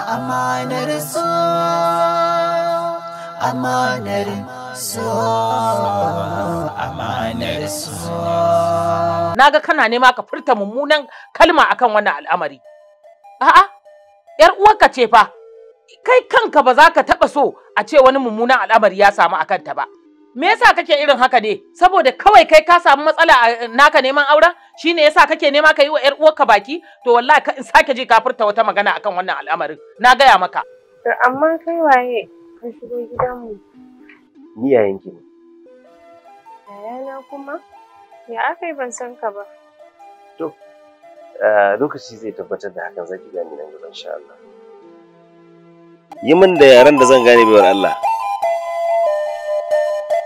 Amanar ga amanar kana nema ka furta mummunan kalma akan wannan al'amari. A'a, ‘yar uwarka ce fa, kai kanka ba za ka taɓa so a ce wani mummunan al'amari ya samu a kanta ba. me yasa kake irin haka ne saboda kawai kai ka samu matsala a eh, naka neman auren shine yasa kake nema ka yi wa yar uwarka baki to wallahi ka in sake ji ka furta wata magana akan wannan al'amarin na gaya maka amma kai waye ka shigo gidanmu ni yayin ki ne yayana kuma ya aka yi ban san ka ba to lokaci zai tabbatar da hakan zaki gani nan gaba insha Allah yi min da yaran da zan gane baiwar Allah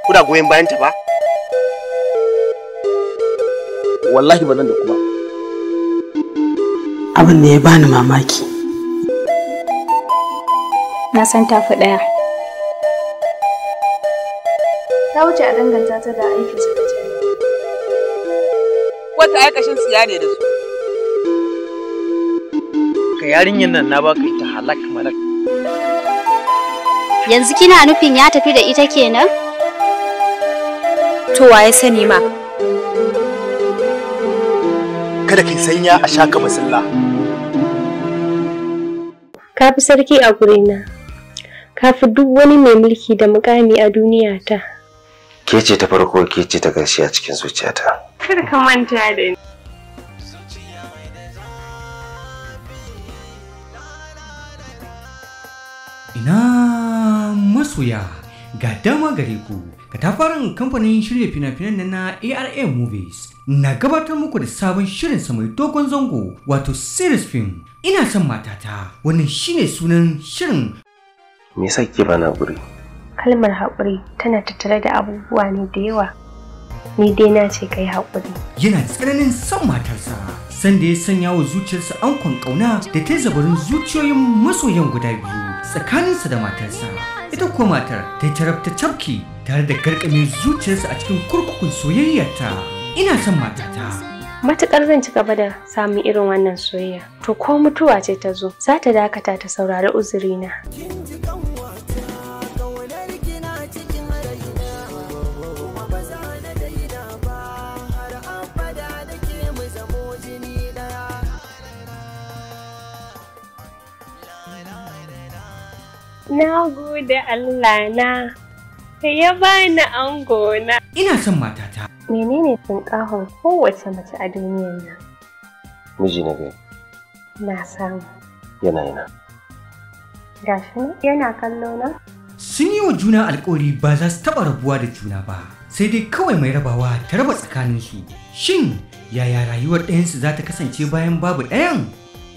kuna goyon bayan ta ba wallahi ba nan da kuma abin da ya bani mamaki na san tafi ɗaya ta wuce a danganta ta da aikin su ta wata aikashin su ne da su ka yarinyan nan na baka ita halak malak yanzu kina nufin ya tafi da ita kenan to waye sani ma kada kai sanya a shaka masalla ka fi sarki a gurina ka fi duk wani mai mulki da mukami a duniya ta ke ce ta farko ke ce ta gashi a cikin zuciyata kada ka manta da ni ina masoya ga dama gare ku Katafaren kamfanin shirya fina-finan na ARA Movies na gabatar muku da sabon shirin sa mai dogon zango wato series film ina son matata wannan shine sunan shirin. Me yasa ke bana guri? Kalmar haƙuri tana tattare da abubuwa ne da yawa. Ni dai na ce kai haƙuri. Yana tsananin son matarsa sanda ya sanya wa zuciyarsa ankon ƙauna da ta zabarin zuciyoyin masoyan guda biyu tsakaninsa da matarsa. ita ko matar ta yi ta cafki tare da karkame zuciyarsa a cikin kurkukun soyayyarta ina son matata matukar zan ci gaba da samun irin wannan soyayya to ko mutuwa ce ta zo za ta dakata ta saurari uzurina. Na gode Allah na, ka ya bani ango na. Ina son matata. Menene tunkahon kowace mace a duniyar nan? Miji na biyu. Na samu. Yana yana. Gashi yana kallo na? Sun yi wa juna alkawari ba za su taɓa rabuwa da juna ba, sai dai kawai mai rabawa ta raba tsakaninsu. Shin yaya rayuwar ɗayansu za ta kasance bayan babu ɗayan?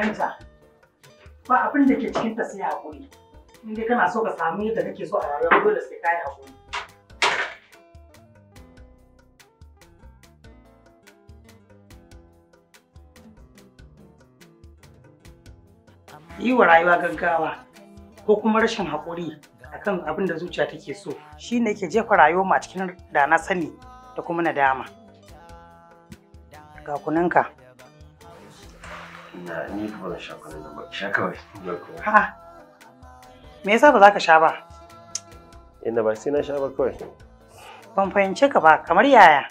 kayanta ba abin da ke cikin ta sai haƙuri in dai kana so ka samu yadda kake so a rayuwa dole sai kai haƙuri yi wa rayuwa gaggawa ko kuma rashin haƙuri akan abin da zuciya take so shi ne ke jefa rayuwa ma cikin da na sani da kuma nadama ga kunanka ni fa ban sha nan ba. Sha kawai. Ha. Me yasa ba za ka sha ba? Inna ba sai na sha ba kawai. Ban fahimce ka ba kamar yaya?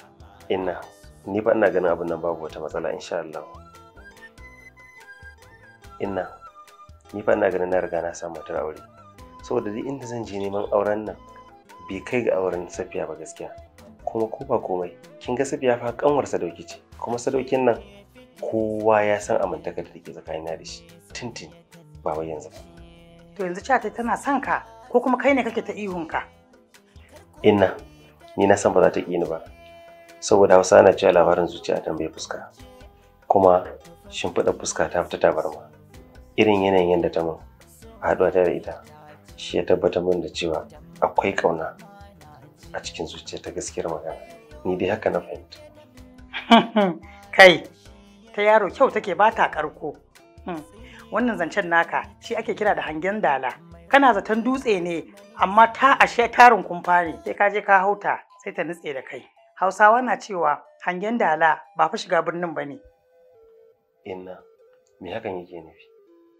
Inna ni fa ina ganin abin nan babu wata matsala insha Allah. Inna ni fa ina ganin na riga na samu matar aure. Saboda duk inda zan je neman auren nan bai kai ga auren Safiya ba gaskiya. Kuma ko ba komai kin ga Safiya fa kanwar sadauki ce kuma sadaukin nan kowa ya san amintakar da take tsakanina da shi tintin ba wai yanzu ba to yanzu ta tana son ka ko kuma kai ne kake ta ihun ka inna ni na san ba za ta ƙi ni ba saboda hausa na cewa labarin zuciya ta bai fuska kuma shimfiɗar fuska ta fita ta tabarma irin yanayin yadda ta mun haɗuwa ta da ita shi ya tabbatar min da cewa akwai ƙauna a cikin zuciya ta gaskiyar magana ni dai haka na fahimta kai ta yaro kyau take ba ta karko hmm. wannan zancen naka shi ake kira da hangen dala kana zaton dutse ne amma ta ashe tarin kumfa ne sai ka je ka hauta sai ta nutse da kai hausawa na cewa hangen dala ba fa shiga birnin ba ne inna me hakan yake nufi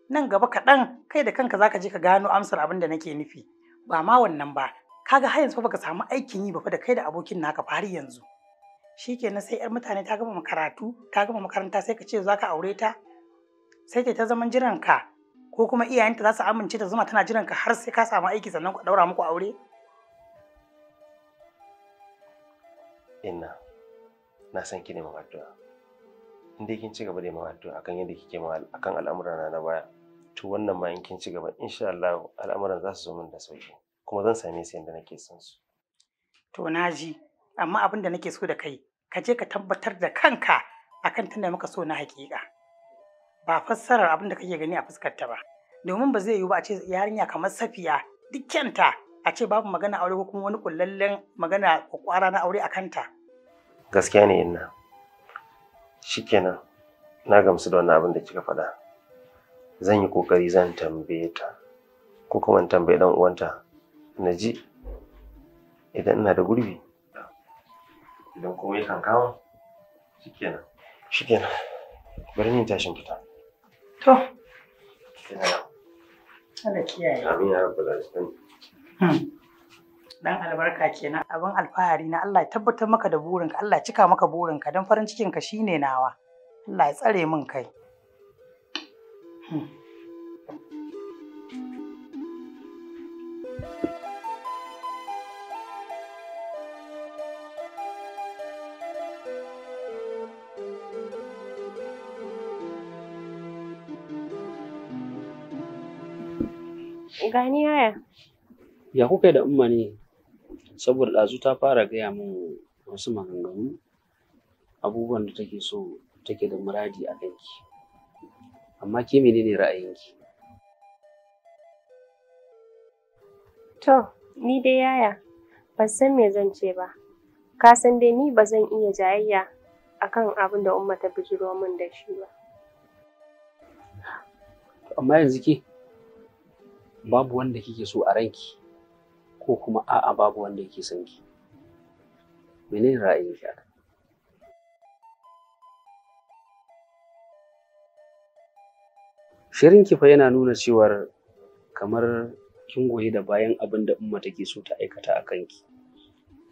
nan gaba kaɗan kai da kanka zaka je ka gano amsar abin da nake nufi ba ma wannan ba ka kaga har yanzu baka samu aikin yi ba fa da kai da abokin naka fa har yanzu shi kenan sai yar mutane ta gama karatu ta gama makaranta sai ka ce za ka aure ta sai ta zaman jiran ka ko kuma iyayenta za su amince ta zama tana jiran ka har sai ka samu aiki sannan ku daura muku aure inna na san ki ne mu addu'a in dai kin ci gaba da mun addu'a akan yadda kike mu akan al'amuran na baya to wannan ma in kin ci gaba insha Allah al'amuran za su zo min da sauki kuma zan same su yadda nake son su to na ji amma abin da nake so da kai ka je ka tabbatar da kanka akan tunda maka so na hakika ba fassarar abin da kake gani a fuskar ta ba domin ba zai yiwu ba a ce yarinya kamar safiya dukkanta a ce babu magana aure ko kuma wani kullallen magana kwakwara na aure a kanta gaskiya ne inna shikenan na gamsu da wannan abin da kika faɗa zan yi kokari zan tambaye ta ko kuma tambaye dan uwanta na ji idan ina da gurbi idan kuma kan kama shi kenan bari ni tashin fita to Allah kiyaye amin ya da shi hmm. dan albarka kenan abin alfahari na Allah ya tabbatar maka da burinka Allah ya cika maka burinka don farin cikinka shine nawa Allah ya tsare min kai hmm. Gani yaya. Ya kuka da umma ne? Saboda ɗazu ta fara gaya min wasu maganganu abubuwan da take so take da muradi a kanki. Amma ke menene ra'ayinki? To, ni dai yaya ban san me zan ce ba. Ka san dai ni ba zan iya jayayya akan abin da umma ta bijiro min da shi ba. Amma yanzu ke babu wanda kike so a ranki ko kuma a'a babu wanda yake son ki menene ra'ayin ki shirin ki fa yana nuna cewar kamar kin goyi da bayan abin da umma take so ta aikata a kanki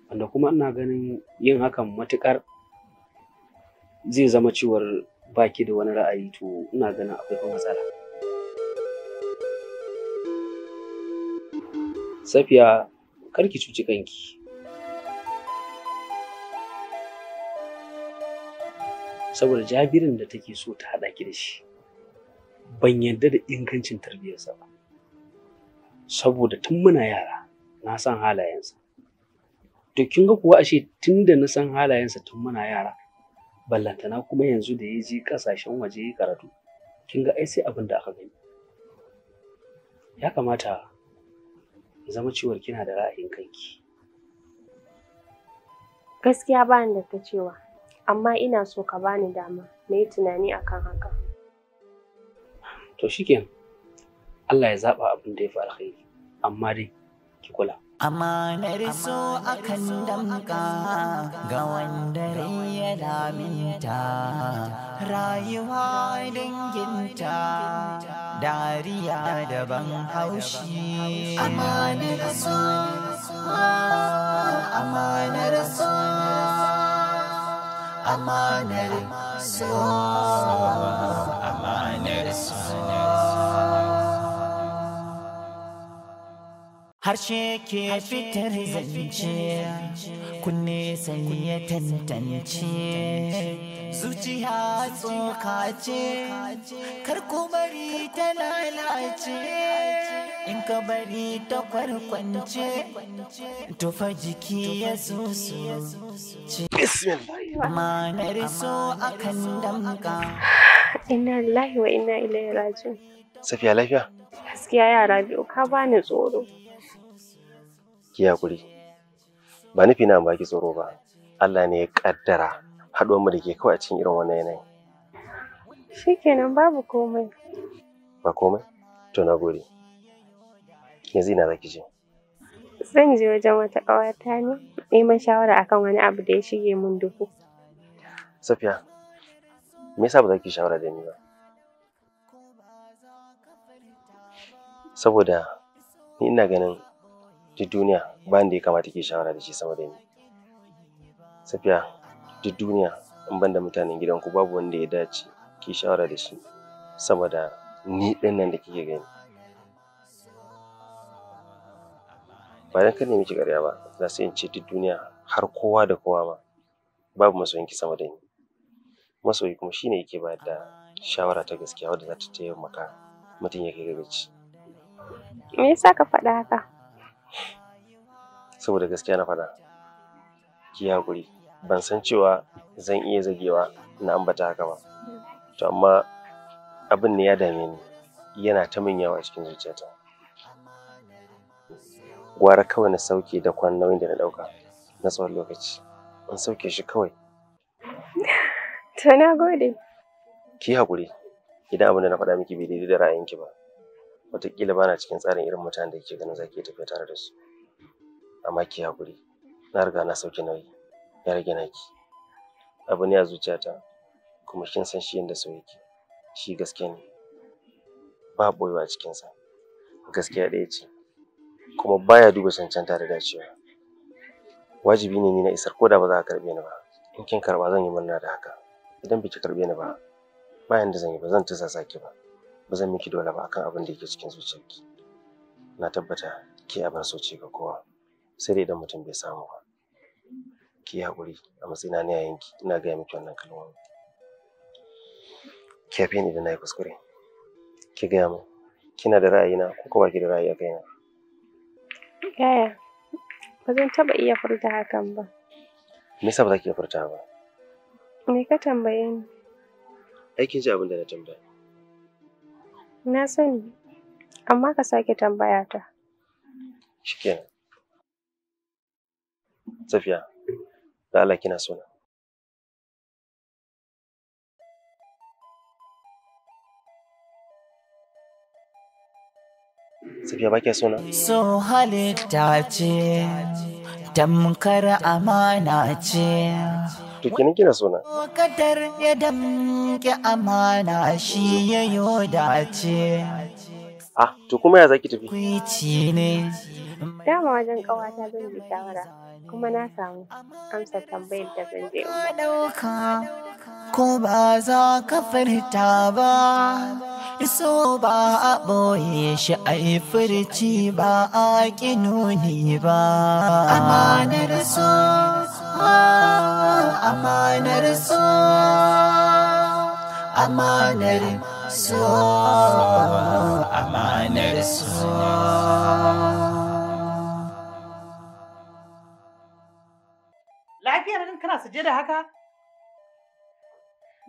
wanda kuma ina ganin yin hakan matukar zai zama cewar baki da wani ra'ayi to ina ganin akwai matsala Safiya kar ki cuci kanki. Saboda jabirin da take so ta haɗa ki da shi, ban yarda da ingancin tarbiyyarsa ba. Saboda tun muna yara na san halayensa. To kin ga kuwa ashe tun da na san halayensa tun muna yara, ballantana kuma yanzu da ya je ƙasashen waje ya karatu, kin ga ai sai abin da aka gani. Ya kamata zama cewar kina da ra'ayin kanki gaskiya ba ni da ta cewa amma ina so ka bani dama na yi tunani akan haka to shikenan Allah ya zaba abin da ya fi alkhairi amma dai ki kula Amanar so akan damka ga wanda ya daminta, rayuwa danginta dariya daban haushi. Amanar so, amanar so, amanar so. harshe ke fitar zance kunne sai ya tantance zuciya tsoka ce kar bari ta lalace in ka bari ta kwarkwance tufa jiki ya susu manar so akan damka inna lillahi wa inna ilaihi raji'un safiya lafiya gaskiya yara biyu ka bani tsoro ki hakuri ba nufi na baki tsoro ba Allah ne ya kaddara haɗuwar mu da ke kawai a cikin irin wannan yanayin shikenan babu komai ba komai to na gode yanzu ina zaki je zan je wajen wata ƙawata ne neman shawara akan wani abu da ya shige mun duhu safiya me yasa ba za shawara da ni ba saboda ni ina ganin duk duniya ba da ya kamata ke shawara da shi sama da ni safiya duk duniya in ban da mutanen gidanku babu wanda ya dace ke shawara da shi sama da ni ɗin nan da kike gani bayan kan nemi ki ƙarya ba za su yin ce duk duniya har kowa da kowa ma babu masoyinki sama da ni masoyi kuma shine yake ba da shawara ta gaskiya wadda za ta taimaka mutum ya kai gaci me yasa ka faɗa haka saboda gaskiya na fada ki hakuri ban san cewa zan iya zagewa na ambata haka ba to amma abin ne ya dame ni yana ta min yawa cikin zuciyata gwara kawai na sauke da kwan nauyin da na ɗauka na tsawon lokaci in sauke shi kawai to na gode ki hakuri idan abin da na faɗa miki bai daidai da ra'ayinki ba wataƙila ba na cikin tsarin irin mutanen da ke ganin za ki tafiya tare da su amma ki haƙuri na riga na sauke nauyi ya rage naki abu ne a zuciyata kuma kin san shi yadda so yake shi gaske ne ba ɓoyewa a cikinsa gaskiya ɗaya ce kuma baya duba cancanta da dacewa wajibi ne ni na isar ko da ba za a karɓe ni ba in kin karɓa zan yi murna da haka idan biki karɓe ni ba bayan da zan yi ba zan tusa saki ba ba zan miki dole ba akan abin da yake cikin zuciyarki na tabbata ki abar so ce ga kowa sai dai idan mutum bai samu ba ki haƙuri a matsayina na yayinki ina gaya miki wannan kalmomi ki yafe ni da na yi kuskure ki gaya min kina da ra'ayina ko kuma ki da ra'ayi a kaina yaya ba zan taɓa iya furta hakan ba me yasa ba za ki iya furta ba me ka tambaye ni ai kin ji abin da na tambaya Na sani, amma ka sake tambaya ta. Shikenan. Safiya, da Allah kina sona. Safiya ba kya sona? So halitta ce, tamkar amana ce. to kenan kina suna kadar ya damke amana shi ya yo dace ah to kuma ya zaki tafi ne Dama wajen ƙawata zan bi shawara, kuma na samu amsa tambayar da zan je Ko ba za ka firta ba, so ba a ɓoye shi a yi furci ba a ƙinoni ba. Amanar so, amanar so, amanar so, amanar so. ganin kana da haka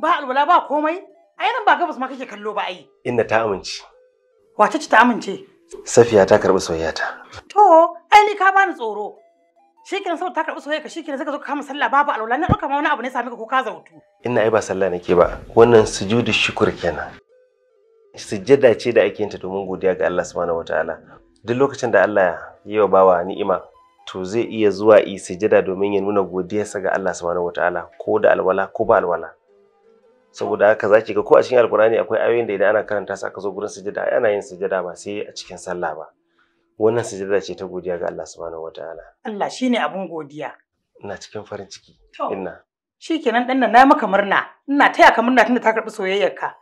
ba alwala ba komai ai nan ba gabas ma kake kallo ba ai Inna ta amince wace ce ta amince safiya ta karbi soyayyata to ai ni ka bani tsoro shikenan saboda ta karbi soyayya ka shikenan zaka zo ka kama sallah babu alwala na dauka ma wani abu ne sami ka ko ka zautu ina ai ba sallah nake ba wannan sujudu shukr kenan sujjada ce da ake yin ta domin godiya ga Allah subhanahu wataala duk lokacin da Allah ya yi wa bawa ni'ima to zai iya zuwa yi sujada domin ya nuna godiyarsa ga Allah subhanahu wataala ko da alwala ko ba alwala saboda haka zaki ga ko a cikin Alqurani akwai ayoyin da idan ana karanta su aka zo gurin sujada ana yin sujada ba sai a cikin sallah ba wannan sujada ce ta godiya ga Allah subhanahu wataala Allah shine abun godiya ina cikin farin ciki ina shikenan dan nan na maka murna ina taya ka murna tunda ta karbi soyayyarka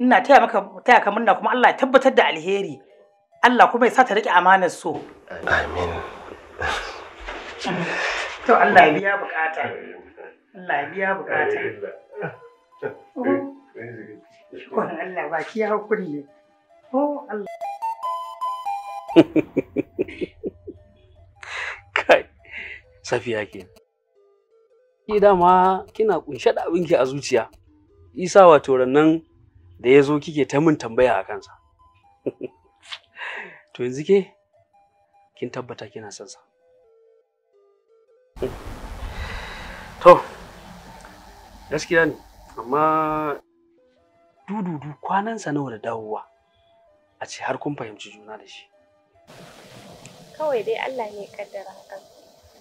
ina taya maka taya ka murna kuma Allah ya tabbatar da alheri Allah kuma ya sa ta rike amanar so amin To Allah ya biya bukata. Allah biya bukata. Allah ba ki ne. Oh Allah. Kai, safiya ke. Ki dama kina kunshe da abinki a zuciya. Isa wato nan da ya zo kike ta min tambaya a kansa. To yanzu ke kin tabbata kina son sa. to gaskiya ne amma dududu kwanansa nawa da dawowa a ce har kun fahimci juna da shi kawai dai Allah ne kaddara hakan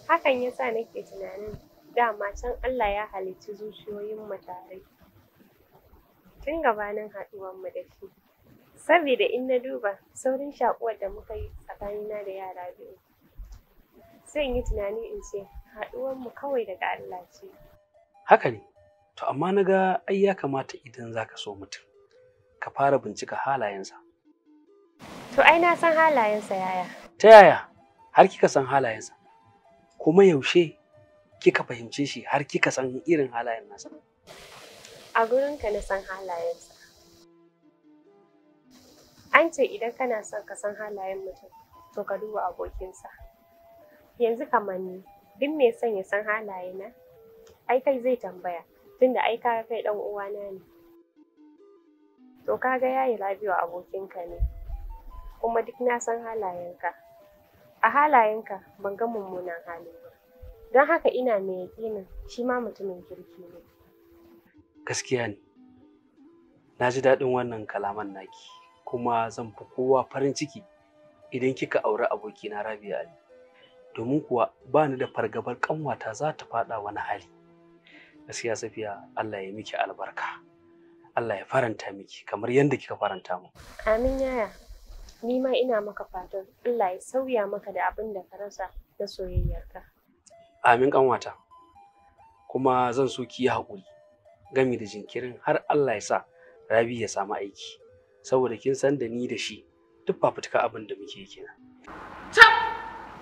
hakan yasa nake tunanin dama can Allah ya halicci zuciyoyin mu tun gabanin haɗuwar mu da shi saboda in na duba saurin shakuwar da muka yi tsakanina da yara biyu zan yi tunani in ce haɗuwar mu kawai daga Allah ce haka ne to amma na ga ai ya kamata idan za ka so mutum ka fara bincika halayensa to ai na san halayensa yaya ta yaya har kika san halayensa kuma yaushe kika fahimce shi har kika san irin halayen nasa a gurinka na san halayensa an ce idan kana son ka san halayen mutum to ka duba abokinsa yanzu kamar ni duk mai son ya san halaye na ai kai zai tambaya tunda ai ka kai dan uwana ne to ka kaga yayi Rabi'u abokinka ne kuma duk na san halayenka a halayenka ban ga mummunan hali ba don haka ina mai yaƙinin shi ma mutumin kirki ne gaskiya ne na ji daɗin wannan kalaman naki kuma zan fi kowa farin ciki idan kika auri abokina rabia Ali domin kuwa ba ni da fargabar kanwata za ta faɗa wani hali gaskiya safiya Allah ya miki albarka Allah ya faranta miki kamar yadda kika faranta mu amin yaya ni ma ina maka fatan Allah ya sauya maka da abin da ka rasa na soyayyarka amin kanwata kuma zan so ki yi haƙuri gami da jinkirin har Allah ya sa Rabi ya samu aiki saboda kin san da ni da shi duk fafutuka abin da muke kenan.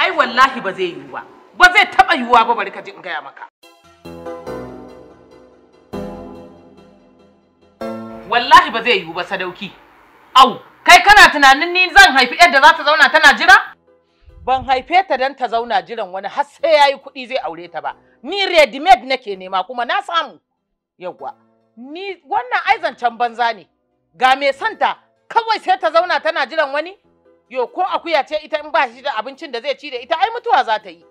ai wallahi ba zai yiwu ba ba zai taɓa yiwuwa ba bari ka in gaya maka wallahi ba zai yiwu ba sadauki au kai kana tunanin ni zan haifi yadda za ta zauna tana jira ban haife ta dan ta zauna jiran wani har sai yayi kuɗi zai aure ta ba ni ready made nake nema kuma na samu yawwa ni wannan ai banza ne ga me santa kawai sai ta zauna tana jiran wani Yo ko akuya ce ita in ba shi da abincin da zai ci da ita ai mutuwa za ta yi.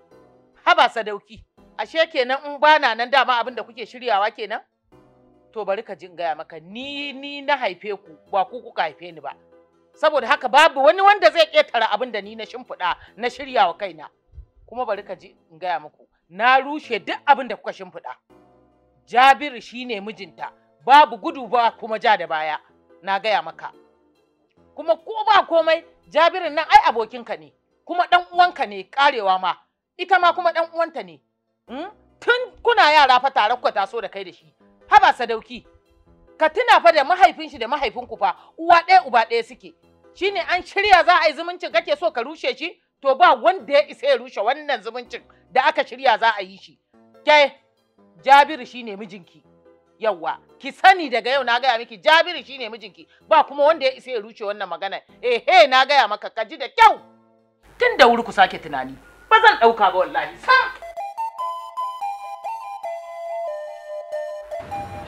Haba sadauki. Ashe kenan in bana nan dama abin da kuke shiryawa kenan? To bari ka jin gaya maka ni ni na haife ku ba ku kuka haife ni ba. Saboda haka babu wani wanda zai ƙetare abin da ni na shimfiɗa na shiryawa kaina. Kuma bari ka ji in gaya muku na rushe duk abin da kuka shimfiɗa. Jabiru shine mijinta babu gudu ba kuma ja da baya na gaya maka. Kuma ko ba komai Jabirin nan ai abokinka ne, kuma ɗan uwanka ne karewa ma, ita ma kuma ɗan uwanta ne. Hmm? Tun kuna yara fa tare kuka taso da kai da shi, haba sadauki. Ka tuna fa da mahaifin shi da mahaifinku fa uwa ɗaya uba ɗaya suke. Shi ne an shirya za a yi zumuncin kake so ka rushe shi? To ba wanda ya isa ya rushe wannan zumuncin da aka shirya za a yi shi. Kai, Jabiru shine mijinki. yawwa ki sani daga yau na gaya miki jabiru shine mijinki ba kuma wanda ya isa ya ruce wannan magana he na gaya maka ka ji da kyau tun da wuri ku sake tunani ba zan ɗauka ba wallahi sam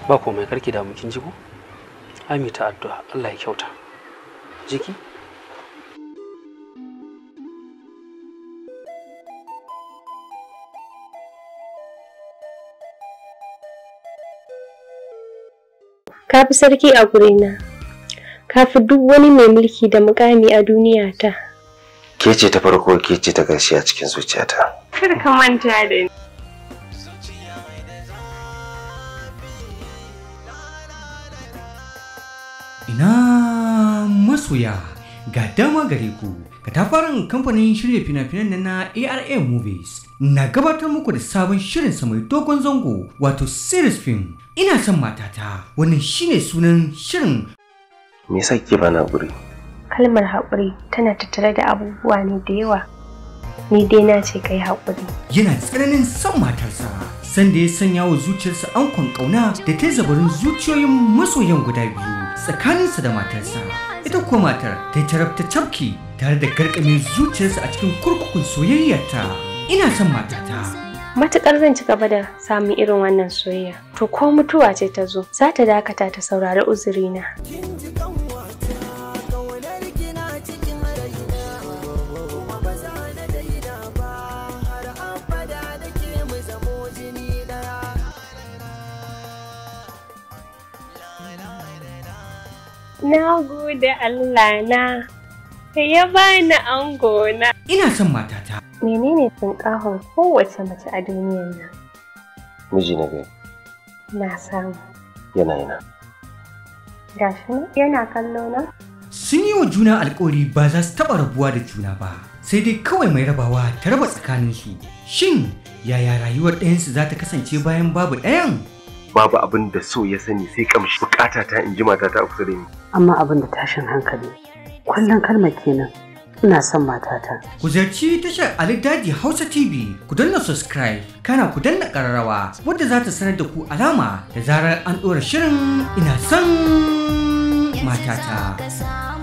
ba komai karki da mu kin ji ko ta addu'a Allah ya kyauta jiki ka fi sarki a gurina ka fi duk wani mai mulki da mukami a duniya ta ke ce ta farko ke ce ta ƙarshe a cikin zuciyata kar ka manta da ni ina masoya ga dama gare ku katafaren kamfanin shirya fina-finan na na ARA Movies na gabatar muku da sabon shirin sa mai dogon zango wato series film ina son matata wannan shine sunan shirin me yasa ba bana guri kalmar haƙuri tana tattare da abubuwa ne da yawa ni dai na ce kai haƙuri yana tsananin son matarsa sanda ya sanya wa zuciyarsa ankon ƙauna da ta zabarin zuciyoyin masoyan guda biyu tsakaninsa da matarsa ita ko matar ta yi tarabta cafki tare da garkame zuciyarsa a cikin kurkukun soyayyarta ina son matata matukar zan ci gaba da samun irin wannan soyayya to ko mutuwa ce ta zo za ta dakata ta saurari uzurina. Na gode Allah na, ka ya bani ango na. Ina son matata. Menene tunkahon kowace mace a duniyar nan? Miji na biyu. Na samu. Yana yana. Gashi yana kallo na? Sun yi wa juna alƙawari ba za su taɓa rabuwa da juna ba, sai dai kawai mai rabawa ta raba tsakaninsu. Shin yaya rayuwar ɗayansu za ta kasance bayan babu ɗayan? babu abin da so ya sani sai kamshi bukata ta in ji matata a kusa da ni amma abin da tashin hankali kullum kalma kenan ina son matata ku ziyarci tashar Ali Daji Hausa TV ku danna subscribe kana ku danna kararrawa wadda za ta sanar da ku alama da zarar an ɗora shirin ina son matata